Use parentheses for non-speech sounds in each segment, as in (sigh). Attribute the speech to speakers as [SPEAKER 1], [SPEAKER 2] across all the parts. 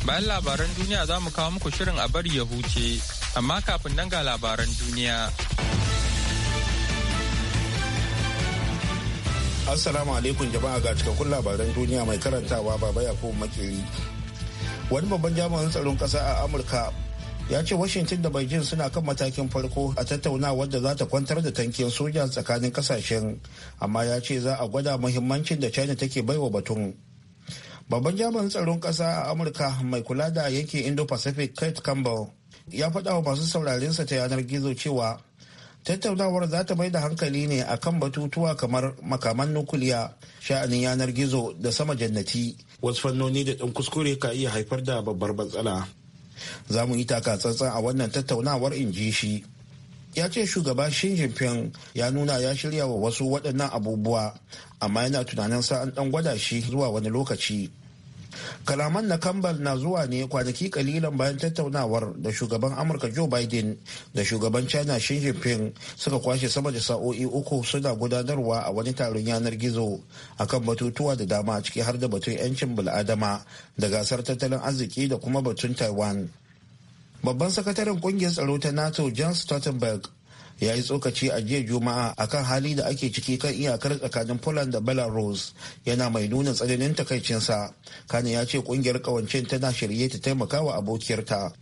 [SPEAKER 1] Bayan labaran duniya za mu kawo muku shirin a bari ya huce, amma kafin nan ga labaran duniya.
[SPEAKER 2] Assalamu alaikum jama'a ga cikakkun labaran duniya mai karantawa baba ya makeri. Wani babban jami'an tsaron kasa a Amurka ya ce Washington da Beijing suna kan matakin farko a tattaunawa wadda za ta kwantar da tankin soja tsakanin kasashen, amma ya ce za a gwada muhimmancin da China take baiwa batun. Babban jami'an tsaron ƙasa a Amurka mai kula da yankin Indo-Pacific Kurt Campbell ya faɗa wa masu sa ta yanar gizo cewa tattaunawar za ta mai da hankali ne a kan batutuwa kamar makaman nukuliya sha'anin yanar gizo da sama jannati wasu fannoni da ɗan kuskure ka iya haifar da babbar matsala za mu yi takatsantsan a wannan tattaunawar in ji shi ya ce shugaba Xi Jinping ya nuna ya shirya wa wasu waɗannan abubuwa amma yana tunanin sa an ɗan gwada shi zuwa wani lokaci kalaman na campbell na zuwa ne kwanaki kalilan bayan tattaunawar da shugaban amurka joe biden da shugaban china xi jinping suka kwashe sama da sa'o'i uku suna gudanarwa a wani taron yanar gizo akan batutuwa da dama a ciki har da batun 'yancin bil'adama da gasar tattalin arziki da kuma batun taiwan babban sakataren kungiyar tsaro ta nato john stoltenberg ya yi tsokaci a jiya juma'a akan hali da ake ciki kan iyakar tsakanin poland da belarus yana mai nuna tsananin takaicinsa kane ya ce kungiyar kawancin tana shirye ta taimaka wa abokiyarta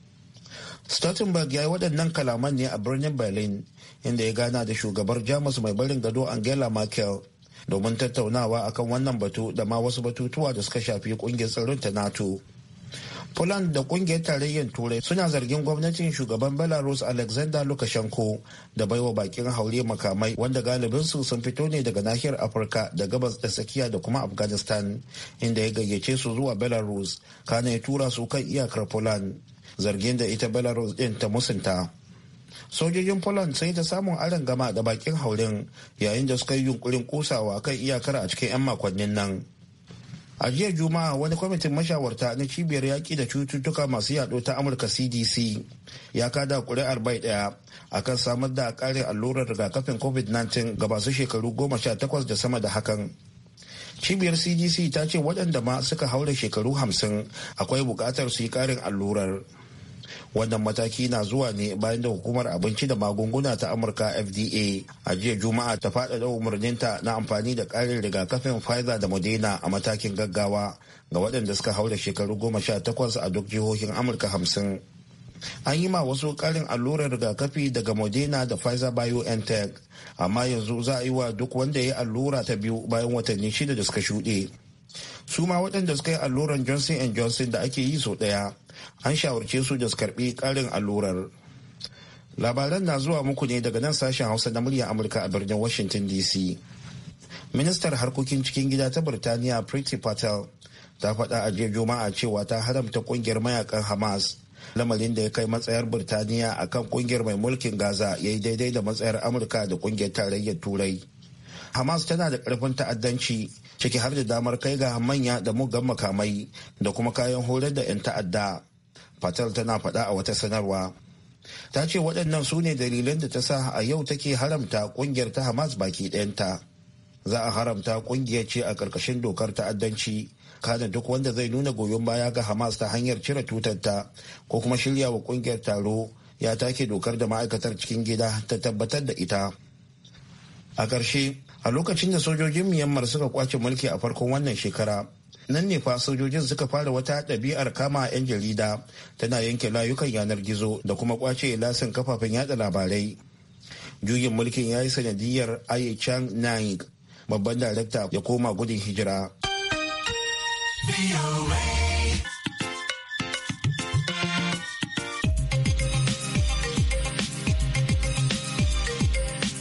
[SPEAKER 2] stoltenberg ya yi waɗannan kalaman ne a birnin berlin inda ya gana da shugabar jamus mai barin gado angela merkel domin tattaunawa akan wannan batu da ma wasu batutuwa da suka shafi kungiyar tsaron ta nato Poland da kungiyar tarayyar Turai suna zargin gwamnatin shugaban Belarus Alexander Lukashenko da baiwa bakin haure makamai wanda galibin su sun fito ne daga nahiyar Afirka da gabas da tsakiya da kuma Afghanistan inda ya gayyace su zuwa Belarus kana ya tura su kan iyakar Poland zargin da ita Belarus din ta musunta. sojojin poland sai ta samun aron gama da bakin hauren yayin da suka yi yunkurin kusawa kan iyakar a cikin 'yan makonnin nan a jiya juma'a wani kwamitin mashawarta na cibiyar yaƙi da cututtuka masu yaɗo ta amurka cdc ya kada ƙuri'ar bai ɗaya akan samar da ƙarin allurar rigakafin covid-19 ga masu shekaru goma sha takwas da sama da hakan cibiyar cdc ta ce waɗanda ma suka haura shekaru hamsin akwai buƙatar su yi ƙarin allurar wannan mataki na zuwa ne bayan da hukumar abinci da magunguna ta amurka fda a jiya juma'a ta faɗaɗa umarninta na amfani da ƙarin rigakafin pfizer da moderna a matakin gaggawa ga waɗanda suka hau da shekaru goma sha takwas a duk jihohin amurka hamsin an yi ma wasu ƙarin allurar rigakafi daga moderna da pfizer biontech amma yanzu za a yi wa duk wanda ya yi allura ta biyu bayan watanni shida da suka shuɗe su ma waɗanda suka yi alluran johnson and johnson da ake yi sau ɗaya an shawarce su da su karɓi ƙarin allurar labaran na zuwa muku ne daga nan sashen hausa na murya amurka a birnin washington dc ministar harkokin cikin gida ta birtaniya priti patel ta faɗa a jiya juma'a cewa ta haramta ƙungiyar mayakan hamas lamarin da ya kai matsayar birtaniya a kan ƙungiyar mai mulkin gaza ya yi daidai da matsayar amurka da ƙungiyar tarayyar turai hamas tana da ƙarfin ta'addanci ciki har da damar kai ga manya da mugan makamai da kuma kayan horar da 'yan ta'adda fatal tana faɗa a wata sanarwa ta ce waɗannan su ne dalilan da ta sa a yau take haramta ƙungiyar ta hamas baki ɗayanta za a haramta ƙungiyar ce a ƙarƙashin dokar ta'addanci kada duk wanda zai nuna goyon baya ga hamas ta hanyar cire tutarta ko kuma shirya wa ƙungiyar taro ya take dokar da ma'aikatar cikin gida ta tabbatar da ita a ƙarshe a lokacin da sojojin myanmar suka kwace mulki a farkon wannan shekara nan ne fa sojojin suka fara wata ɗabi'ar kama 'yan jarida tana yanke layukan yanar gizo da kuma kwace lasin kafafen yada labarai juyin mulkin ya yi sanadiyar aye chang nang babban darakta ya koma gudun hijira.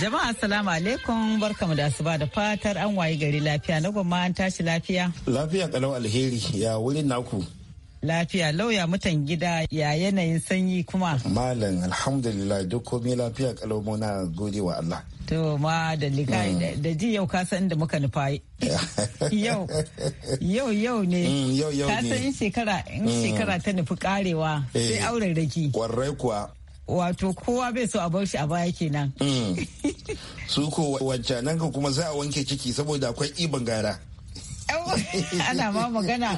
[SPEAKER 3] Jama'a Assalamu alaikum barkamu da asuba da fatar an wayi gari lafiya na gwamma an tashi lafiya.
[SPEAKER 2] Lafiya kalau alheri ya wurin naku.
[SPEAKER 3] Lafiya lauya mutan gida ya yanayin sanyi kuma.
[SPEAKER 2] Malam alhamdulillah duk komai lafiya kalau na gode wa Allah. To ma da lika mm.
[SPEAKER 3] da ji yau ka san da muka nufa (laughs) yau yau yau ne. Mm, yau yau ne. Ka san in mm. shekara ta nufi karewa sai eh, auren raki. Kwarai kuwa.
[SPEAKER 2] wato kowa bai so a bar shi a baya kenan. Mm. (laughs) su ko nan ka kuma za a wanke ciki saboda akwai iban gara.
[SPEAKER 3] ana ma magana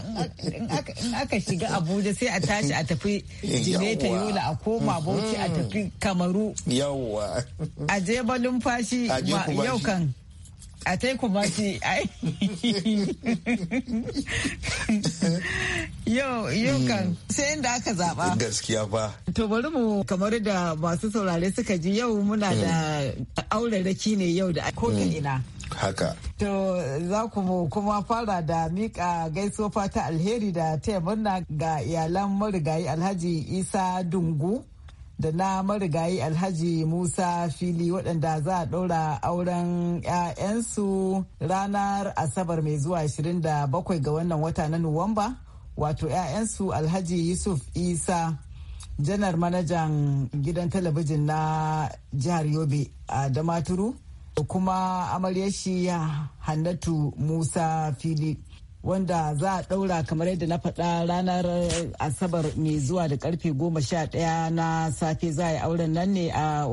[SPEAKER 3] in aka shiga abuja sai a tashi a tafi jimeta yola a koma mm-hmm. bauchi a tafi kamaru yawwa a je balin fashi yau kan a ta ba ce ai yau yau kan sai inda aka zaba
[SPEAKER 2] gaskiya fa
[SPEAKER 3] to bari mu kamar da masu saurare suka ji yau muna da auraraki ne yau da ko mm. ina haka to za ku mu kuma fara da mika gaiso ta alheri da taya ga iyalan marigayi alhaji isa dungu da na marigayi alhaji musa fili waɗanda za a ɗaura auren 'ya'yansu ranar asabar mai zuwa 27 ga wannan wata na nuwamba wato 'ya'yansu alhaji yusuf isa janar manajan gidan talabijin na jihar yobe a damaturu da kuma amaryar shi hannatu musa fili wanda za a ɗaura kamar yadda na faɗa ranar asabar mai zuwa da karfe goma sha ɗaya na safe za a yi auren nan ne a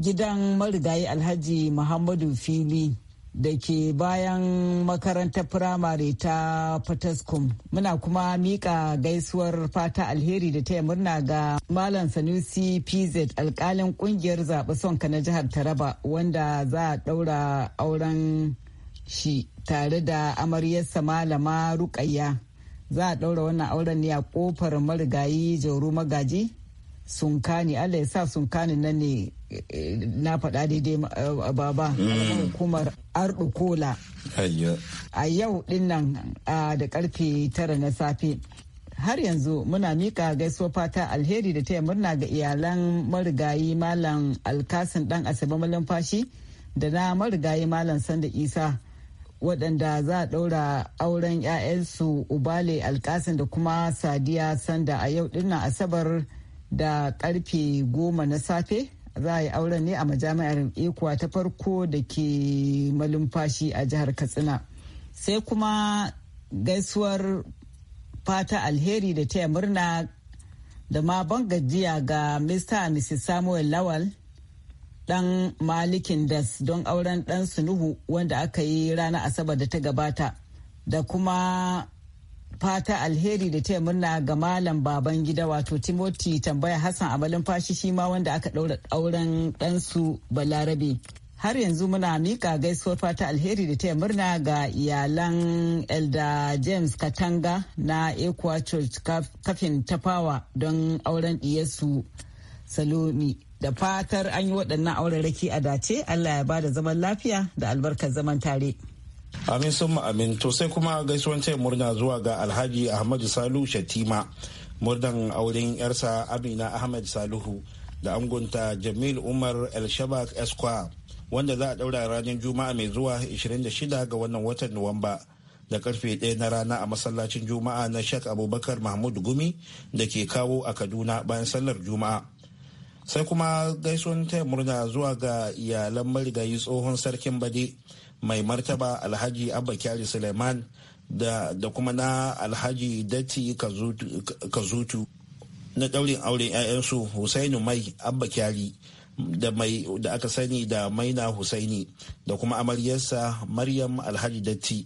[SPEAKER 3] gidan marigayi alhaji muhammadu fili da ke bayan makarantar firamare ta fataskum muna kuma mika gaisuwar fata alheri da taya murna ga malam sanusi pz alkalin kungiyar zaɓe sonka na jihar taraba wanda za a ɗaura auren shi tare da amaryarsa malama rukayya za a ɗaura wannan auren ne a ƙofar marigayi jauro magaji sunkani allah ya sa sunkani nan ne eh, na faɗa daidai eh, baba mm. hukumar Kola. a yau dinnan da karfe tara na safe har yanzu muna mika gaisuwa fata alheri da taya murna ga iyalan marigayi malam alkasin dan asabe Fashi da na marigayi malam sanda isa waɗanda za a ɗaura auren 'ya'yansu ubale alkasin da kuma sadiya sanda a yau dinnan asabar da ƙarfe goma na safe za a yi auren ne a majami'ar ikuwa ta farko da ke malumfashi a jihar katsina sai kuma gaisuwar fata alheri da taya murna da ma ban gajiya ga mr mrs samuel lawal dan malikin das don auren dan sunuhu wanda aka yi rana asabar da ta gabata da kuma fata alheri da ta murna ga malam baban gida wato timoti tambaya hassan amalin fashi shi ma wanda aka ɗaura auren ɗansu balarabe har yanzu muna mika gaisuwar fata alheri da ta murna ga iyalan elda james katanga na equa church kafin tafawa don auren ɗiyarsu salomi. da fatar an yi waɗannan raki a dace allah ya bada zaman lafiya da albarkar
[SPEAKER 2] zaman tare amin sun amin to sai kuma gaisuwan taya murna zuwa ga alhaji ahmadu salu shatima murdan auren yarsa amina ahmad saluhu da angunta jamil umar el shabak esquire wanda za a daura ranar juma'a mai zuwa 26 ga wannan watan nuwamba da karfe ɗaya na rana a masallacin juma'a na shek abubakar mahmud gumi da ke kawo a kaduna bayan sallar juma'a sai kuma gaisuwan ta murna zuwa ga iyalan marigayi tsohon sarkin bade mai martaba alhaji abba kyari suleiman da, da kuma na alhaji datti kazutu na daurin auren 'ya'yansu husainu mai abba kyari da aka sani da maina husaini da kuma amaryarsa maryam alhaji datti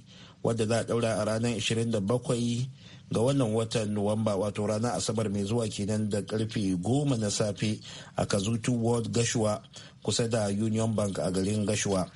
[SPEAKER 2] wadda za a daura a ranar 27 ga wannan watan nuwamba wato ranar asabar mai zuwa kenan da karfe goma na safe a kazutu world gashua kusa da union bank a garin gashuwa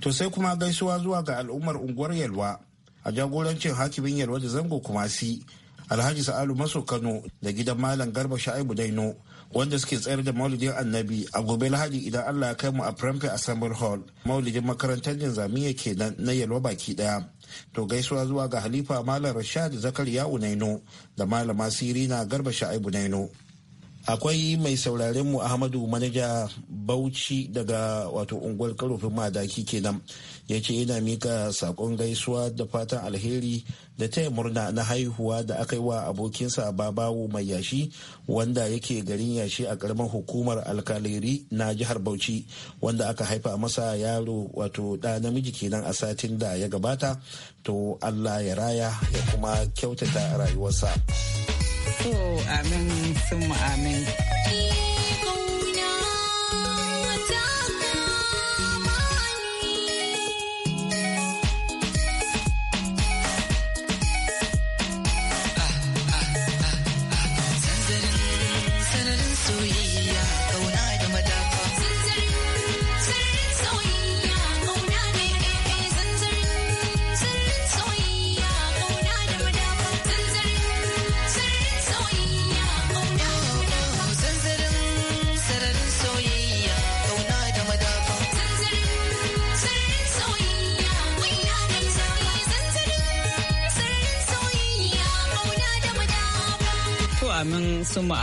[SPEAKER 2] to sai kuma gaisuwa zuwa ga al'ummar unguwar yalwa a jagorancin hakimin yalwa da zango kumasi alhaji sa'alu maso kano da gidan malam garba sha'ibu daino wanda suke tsayar da maulidin annabi a gobe lahadi idan allah ya kai mu a prampe assembly hall maulidin makarantar nizamiya kenan na yalwa baki daya to gaisuwa zuwa ga halifa malam rashad zakariya unaino da malama sirina garba sha'ibu daino. akwai mai sauraren mu ahmadu manaja bauchi daga wato unguwar karofin madaki kenan ya ce yana mika sakon gaisuwa da fatan alheri da taya murna na haihuwa da aka yi wa abokinsa a babawo mai yashi wanda yake garin yashi a karamar hukumar alkaleri na jihar bauchi wanda aka haifa masa yaro wato da namiji kenan a satin da ya gabata to allah ya raya ya kuma kyautata rayuwarsa. so amin
[SPEAKER 3] sun amin.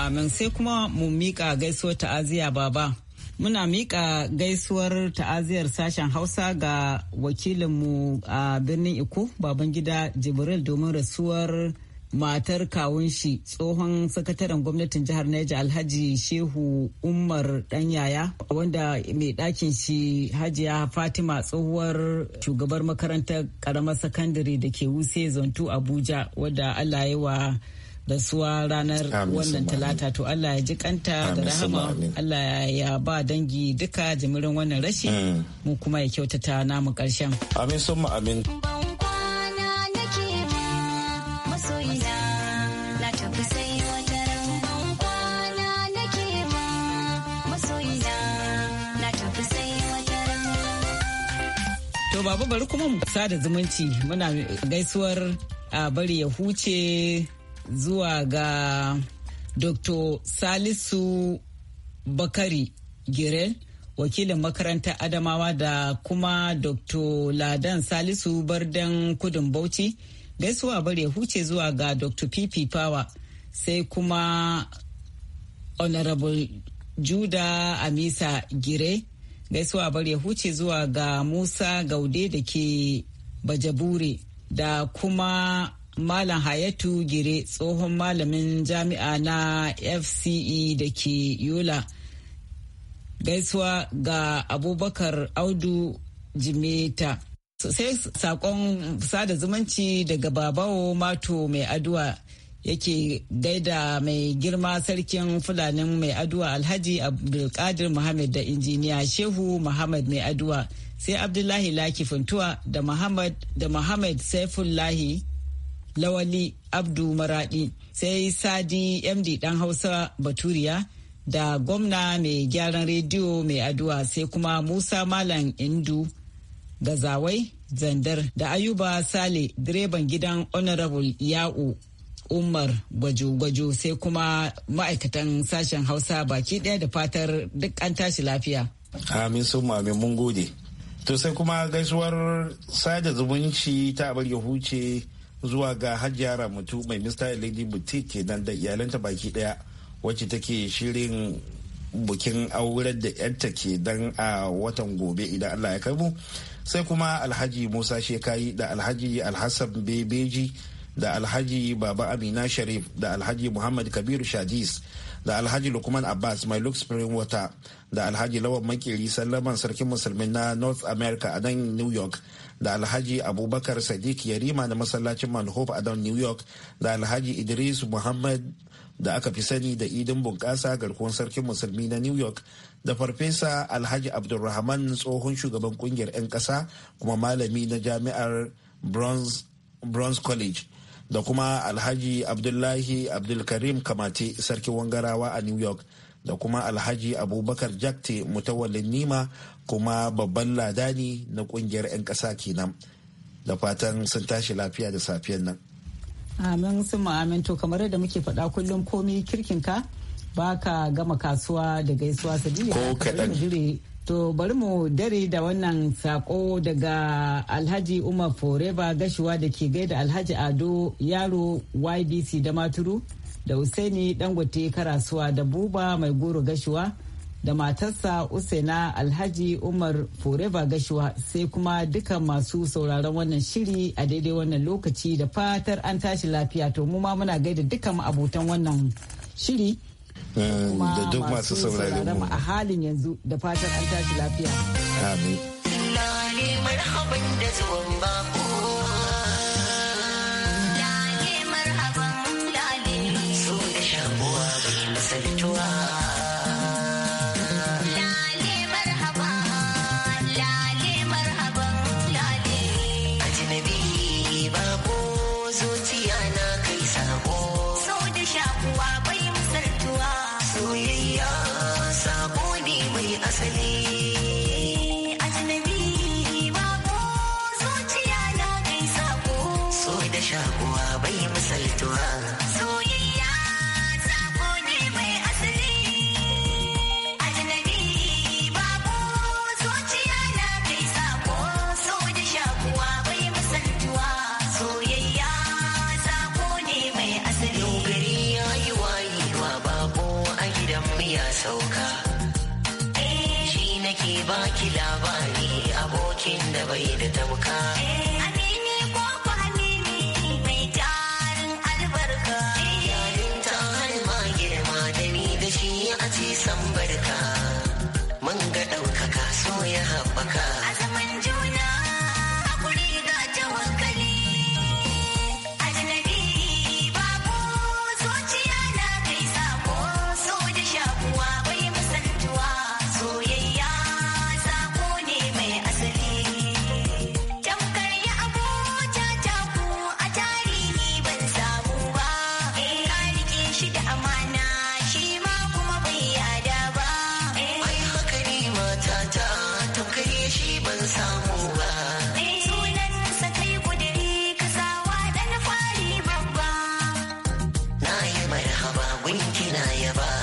[SPEAKER 3] amin sai kuma mu mika gaisuwar ta'aziyya baba. Muna mika gaisuwar ta'aziyar sashen Hausa ga wakilinmu a birnin Iko, Babangida Jibril domin rasuwar matar kawun shi tsohon sakataren gwamnatin jihar Neja Alhaji Shehu Umar Danyaya wanda mai dakin shi Hajiya Fatima tsohuwar shugabar makarantar karamar sakandare da ke Wuse Zonto Abuja wadda Allah ya wa rasuwa ranar wannan talata to Allah ya ji kanta da rahama Allah ya ba dangi duka jimirin wannan rashi mm. mu kuma ya kyautata namu
[SPEAKER 2] karshen amin summa amin
[SPEAKER 3] To baba bari kuma mu sada zumunci muna gaisuwar a bari ya huce zuwa ga dr salisu bakari girel wakilin makarantar adamawa da kuma dr ladan salisu bardan kudin bauchi gaisuwa bare huce zuwa ga dr pp power sai kuma honorable juda amisa gire gaisuwa bare huce zuwa ga musa gaude da ke bajabure da kuma Malam Hayatu Gire tsohon malamin jami'a na FCE da ke Yola. Gaisuwa ga Abubakar Audu Jimeta. Sai sakon sada zumunci daga Babawo Mato mai aduwa yake gaida mai girma sarkin fulanin mai aduwa alhaji abdulkadir muhammad da injiniya shehu muhammad mai aduwa sai abdullahi laki funtuwa da muhammad da muhammad saifullahi lawali abdu maradi sai sadi md dan hausa baturiya da gwamna mai gyaran rediyo mai addu'a sai kuma musa malam indu gazawai zandar da ayuba sale direban gidan honorable ya'u umar gwajo-gwajo sai kuma ma'aikatan sashen hausa baki ɗaya da fatar duk an tashi lafiya
[SPEAKER 2] amin sun amin mun gode to sai kuma gaisuwar sada zumunci ta abar huce zuwa ga hajjiya ramatu mai mista lady boutique kenan da iyalanta baki daya wacce take shirin bukin aure da yanta ke dan a watan gobe idan allah ya karbu sai kuma alhaji musa shekayi da alhaji alhassan bebeji da alhaji baba amina sharif da alhaji muhammad kabiru shadis da alhaji lukman abbas mai luke spring water da alhaji lawan makeri sallaman sarkin musulmi na north america a nan new york da alhaji abubakar sadiq yarima na masallacin malhof a don new york da alhaji idris muhammad da aka fi sani da idin bunƙasa garkuwar sarkin musulmi na new york da farfesa alhaji abdulrahman tsohon shugaban kungiyar 'yan ƙasa kuma malami na jami'ar bronze college da kuma alhaji abdullahi abdulkarim kamate sarkin wangarawa a new york da kuma alhaji abubakar jakte mutawallin nima kuma babban ladani na kungiyar 'yan ƙasa kenan da fatan sun tashi lafiya da safiyan nan
[SPEAKER 3] amin sun ma'amin to kamar yadda muke faɗa kullum komi ka ba ka gama kasuwa da gaisuwa sabili to bari mu dare da wannan sako daga alhaji umar foreba gashuwa da ke gaida alhaji ado yaro ybc da maturu da Usaini Dangote Karasuwa da Buba Mai Goro Gashuwa da matarsa Usaina Alhaji Umar Foreva Gashuwa sai kuma duka masu sauraron wannan shiri a daidai wannan lokaci da fatar an tashi lafiya to mu ma muna gaida dukan abotan wannan shiri.
[SPEAKER 2] Da eh, duk masu sauraron mu. a
[SPEAKER 3] halin yanzu da fatar an tashi lafiya.
[SPEAKER 2] Amin.
[SPEAKER 4] Lale marhaban da zuwan babu. ke baki labari abokin da bai da tamka. Eh, amini ko ku amini mai tarin albarka. Yarinta har ma girma da ni da shi a ci san Mun ga ɗaukaka so ya haɓaka. Bye bye.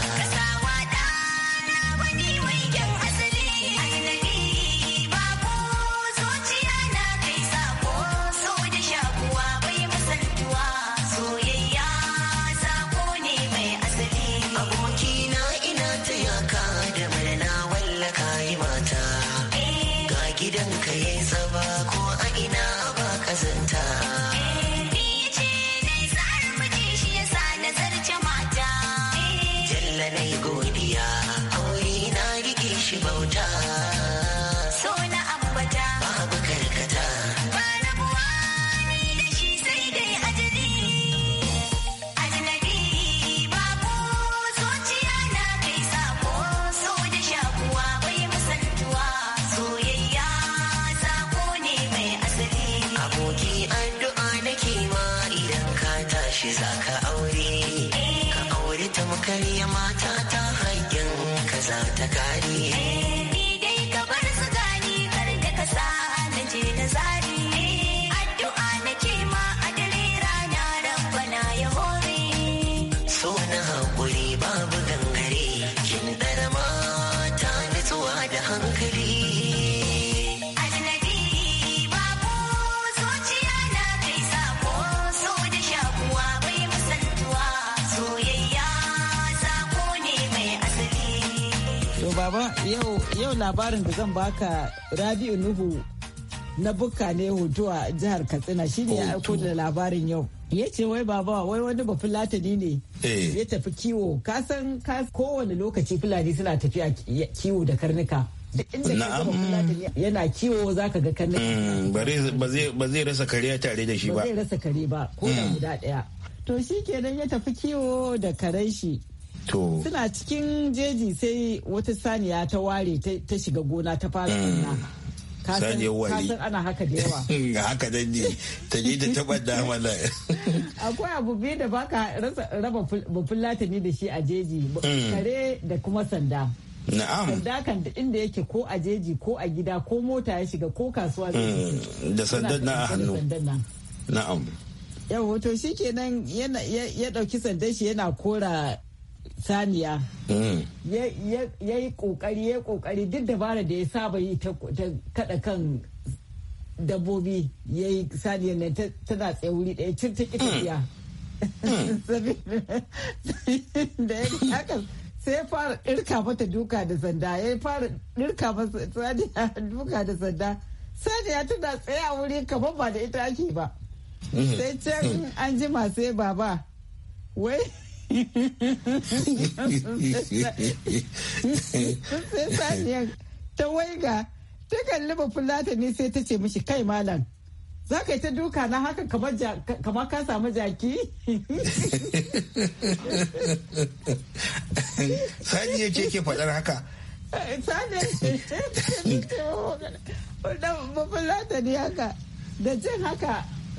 [SPEAKER 4] ce za ka aure ka aure ta mukariya mata ta haƙƙin ka za ta kare
[SPEAKER 3] yau yau labarin da zan baka Rabi'u Nuhu na bukka ne hoto a jihar Katsina shine ya aiko da labarin yau. Ya ce wai baba wai wani ba fulatani ne eh. ya tafi kiwo Ka kasan kowane lokaci fulani suna tafiya kiwo da karnuka. yana kiwo za ka ga karnuka. Mm,
[SPEAKER 2] ba zai rasa kare tare da shi ba. Ba zai
[SPEAKER 3] rasa kare ba ko da mm. guda ɗaya. To shi kenan ya tafi kiwo da karen shi. suna cikin jeji sai wata saniya ta ware ta shiga gona ta fara mm. saniya wari kasan ana haka da yawa
[SPEAKER 2] (laughs) haka da ne ta ji da taba damala
[SPEAKER 3] (laughs) akwai abu biyu da baka raba bufin latani da shi a jeji mm. kare da kuma sanda Na'am. Sanda kan inda yake ko a jeji ko a gida ko mota ya shiga ko kasuwa mm. da sandan na a hannu. Na'am. Yau hoto shi kenan ya dauki sandan shi yana kora saniya mm. ya yi kokari ya yi kokari duk dabara da ya saba yi ta kada kan dabbobi ya yi saniyar nan tana tsaye wuri daya cin ta ƙiƙiya mm. da ya haka sai fara ɗirka mata duka da sanda ya fara ɗirka mata saniya duka da sanda saniya tana tsaye a wuri kamar ba da ita ake ba mm. sai can an jima ba baba wai sai ta waiga ta kalli ba fulata ne sai ta ce mishi kai malam za ka yi ta duka na haka kamar ka samu jaki?
[SPEAKER 2] sani ya ce ke faɗar haka
[SPEAKER 3] sani ya ne haka da jin haka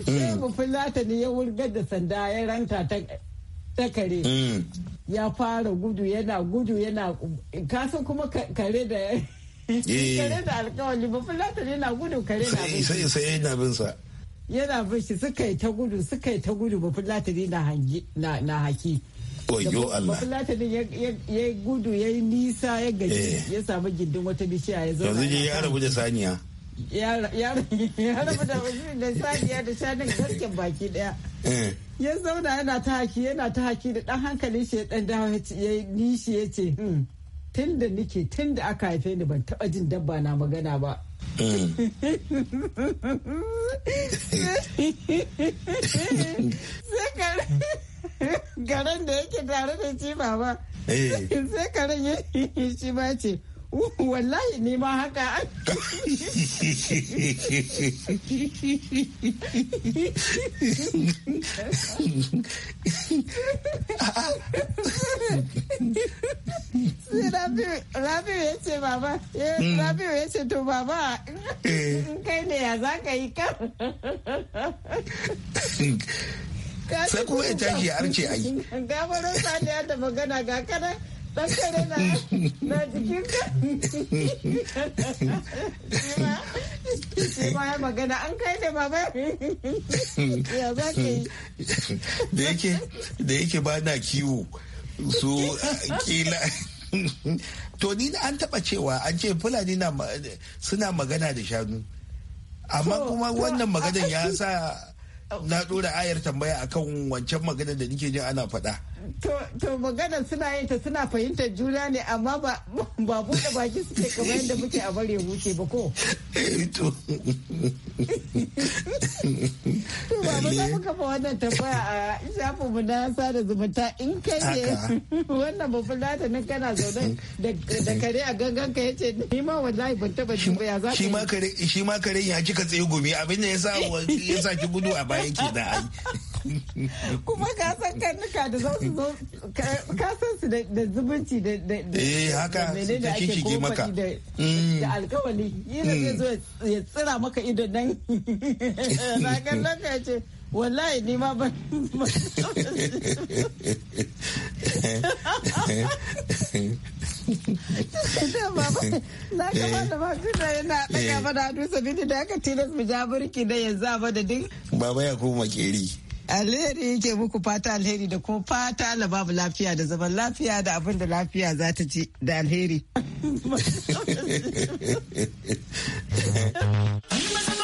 [SPEAKER 3] sai hmm. bufin latani ya wurgar da sanda ya ranta ta. na mm. ya fara gudu yana gudu yana kasan kuma kare da eh. kare da alkawali ba yana gudu kare na bin
[SPEAKER 2] yana bin sa
[SPEAKER 3] yana bin shi suka yi ta gudu suka yi ta gudu ba fulatan na na haki Oyo Allah. ya gudu ya nisa ya gaji eh. ya samu gindin wata bishiya ya zo. Yanzu ya rabu da saniya. ya rabu da saniya da shanin baki daya eh. ya zauna yana ta haki yana ta haki da dan hankalin shi ya dan dawo ya nishi ya ce hmm, tun da nike tun da aka haife ni ban taba jin dabba na magana ba eh. garan (laughs) da yake tare da shi ba eh. sai karen ya shi ba ce wallahi ni ma haka Rabi ya ce baba, eh, hmm. Rabi ya ce to baba, eh. kai ne ya za ka yi kan.
[SPEAKER 4] Sai kuma ya tashi ya
[SPEAKER 3] arce ai. Gabarin saniya da magana ga kanan Dan na na ma ya magana an kai da baba.
[SPEAKER 2] Ya ke Da yake ba na kiwo. So kila to ni an taba cewa an ce fulani suna magana da shanu amma kuma wannan maganar ya sa na dora ayar tambaya akan wancan magana da nike jin ana faɗa.
[SPEAKER 3] to magana suna yin ta suna fahimtar juna ne amma ba bude baki suke kamar yadda muke a bare huce ba ko to ba ba za mu kafa wannan tambaya a shafin mu na sada zumunta in kai ne wannan babban ta nan kana zaune da kare a gangan ka yace ni ma wallahi ban taba ba ya za shi ma kare
[SPEAKER 2] shi ma kare ya kika tsaye gumi abin da yasa yasa ki gudu a baya ke da ai
[SPEAKER 3] kuma ka san karnuka da za su zo ka san su da zumunci da da eh haka da ake maka da mm. alkawali yana zai zo ya tsira maka idon nan ragar nan ka ce wallahi ni ma ban (laughs) na gaba da masu da yana ɗaga eh. da hadu sabini da aka tilas mu ja burki da yanzu a madadin
[SPEAKER 2] baba ya koma keri
[SPEAKER 3] alheri yake muku fata alheri da kuma fata la babu lafiya da zaman lafiya da abin da lafiya za ta ci da alheri.
[SPEAKER 5] (laughs)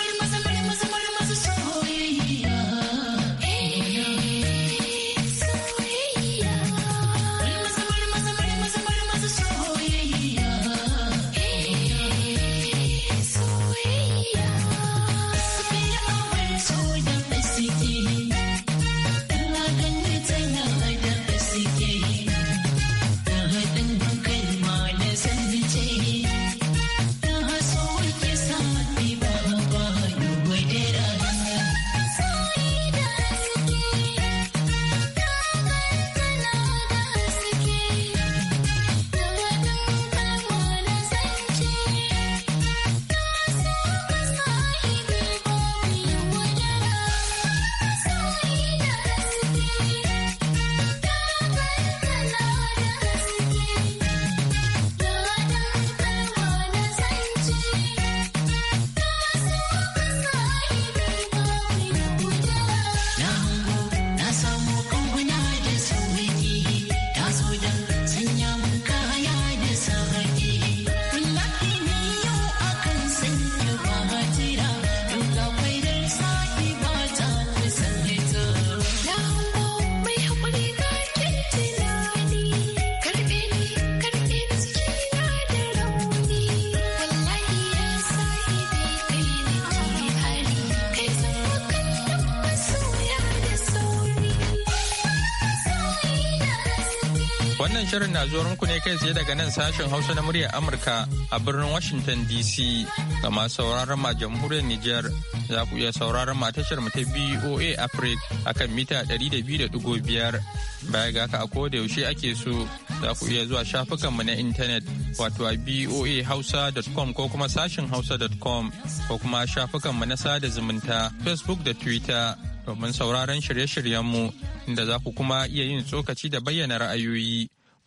[SPEAKER 1] shirin na zuwa muku ne kai tsaye daga nan sashen Hausa na muryar Amurka a birnin Washington DC. Ga masu sauraron ma jamhuriyar Nijar za ku iya sauraron ma tashar mu ta BOA Africa akan mita 200.5. Baya ga haka a koda yaushe ake so za ku iya zuwa shafukan mu na intanet wato a boa hausa.com ko kuma sashen hausa.com ko kuma shafukan mu na sada zumunta Facebook da Twitter. domin sauraron shirye-shiryenmu inda za ku kuma iya yin tsokaci da bayyana ra'ayoyi.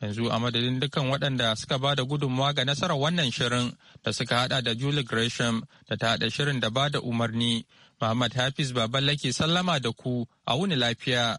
[SPEAKER 1] yanzu a madadin dukkan waɗanda suka ba da gudunmawa ga nasarar wannan shirin da suka hada da Julie Gresham da ta hada shirin da ba da umarni. Muhammad Hafiz Baballa ke sallama da ku a wuni lafiya.